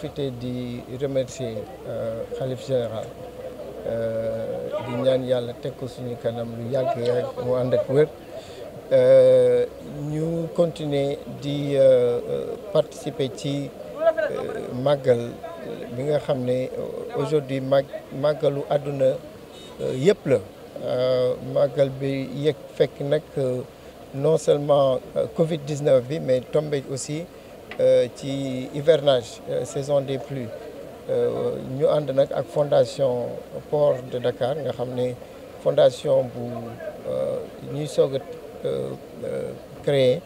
profiter di remercier xalif euh, général euh, di ñaan yàlla teg ko suñu kanam lu yàgg yàgg mu ànd ak wér euh, ñu continuer di participer ci màggal bi nga xam ne aujourd'hui màg màggalu àdduna yëpp la màggal bi yëg fekk nag non seulement Covid 19 bi mais tombé aussi. Euh, ci hivernage euh, saison des pluies euh, ñu ànd nag ak fondation port de Dakar nga xam ne fondation bu ñuy soog a créer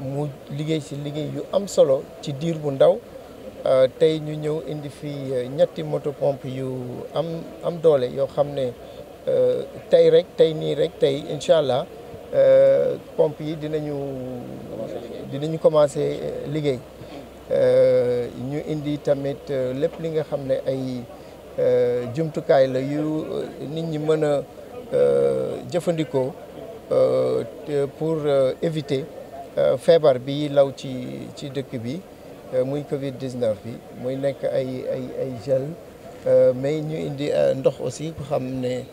mu liggéey si liggéey yu am solo ci diir bu ndaw tey ñu ñëw indi fii ñetti motopompe yu am am doole yoo xam ne tey rek tey nii rek tey incha allah. Euh, pompe yi dinañu dinañu commencé euh, liggéey euh, ñu indi tamit lépp li nga xam ne ay jumtukaay la yu nit ñi mën a jëfandikoo pour éviter feebar bi law ci ci dëkk bi muy Covid 19 bi muy nekk ay ay ay gel mais ñu indi ndox aussi ku xam ne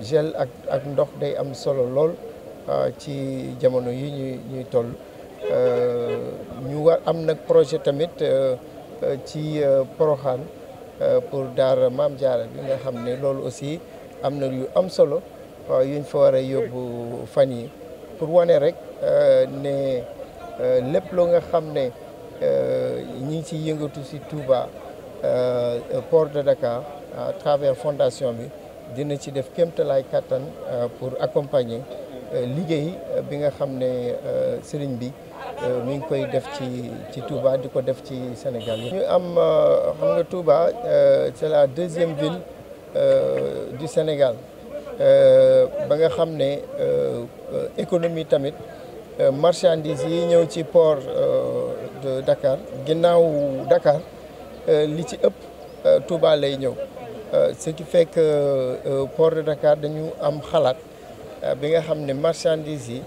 gel ak ak ndox day am solo lool. Euh, ci jamono yi ñuy ñuy toll euh, ñu war am nag projet tamit euh, ci Porokhane pour daara Maam Jaara bi nga xam ne loolu aussi am na yu am solo yuñ fa war a yóbbu fan yi pour wane rek ne lépp loo nga xam ne ñi ngi ciy yëngatu si Touba port de Dakar à travers fondation bi dina ci def kéemtalaay kàttan pour accompagner liggéey bi nga xam ne euh, sëriñ bi euh, mu ngi koy def ci ci Touba di ko def ci Sénégal yi am euh, xam nga Touba c'est la deuxième ville du Sénégal ba nga xam ne économie tamit marchandises yi ñëw ci port de Dakar ginnaaw Dakar li ci ëpp Touba lay ñëw ce qui fait que port de Dakar dañu am xalaat Euh, bi nga xam ne marchandise yi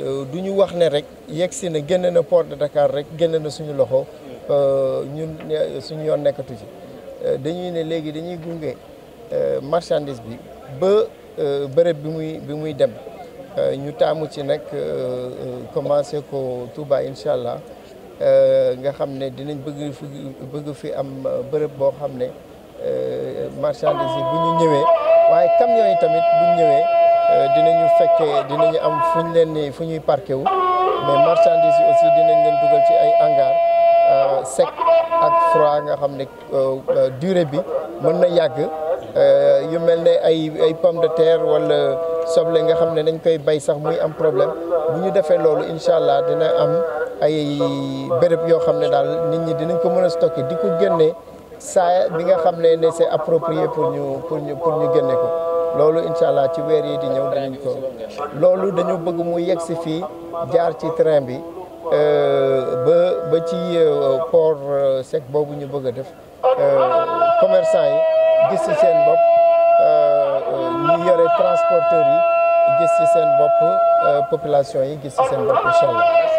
euh, du ñu wax ne rek yegg si na génn na port de Dakar rek génn na suñu loxo euh, ñu suñu yoon nekkatu ci dañuy ne léegi dañuy gunge marchandise bi ba bërëb bi muy bi muy dem ñu taamu ci nag commencé ko Touba incha allah nga xam ne dinañ bëgg fi bëgg fi am bërëb boo xam ne marchandise yi bu ñu ñëwee waaye camion yi tamit bu ñëwee. Euh, dinañu fekkee dinañu am fu ñu leen ni fu ñuy parqué wu mais marchandises yi aussi dinañ leen dugal ci ay hangar euh, sec ak froid nga xam ne euh, durée bi mën na yàgg yu mel ne ay ay pomme de terre wala soble nga xam ne dañ koy bay sax muy am problème bu ñu defee loolu incha allah dina am ay béréb yoo xam ne daal nit ñi dinañ ko mën a stocké di ko génnee saa bi nga xam ne ne c'est approprié pour ñu pour ñu pour ñu génne ko loolu incha allah ci weer yi di ñëw danañ ko loolu dañu bëgg mu yegg si fii jaar ci train bi euh, ba ba ci euh, port euh, sec boobu ñu bëgg a def commerçant yi gis ci seen bopp ñu yore transporteurs yi gis ci seen bopp population yi gis ci seen bopp incha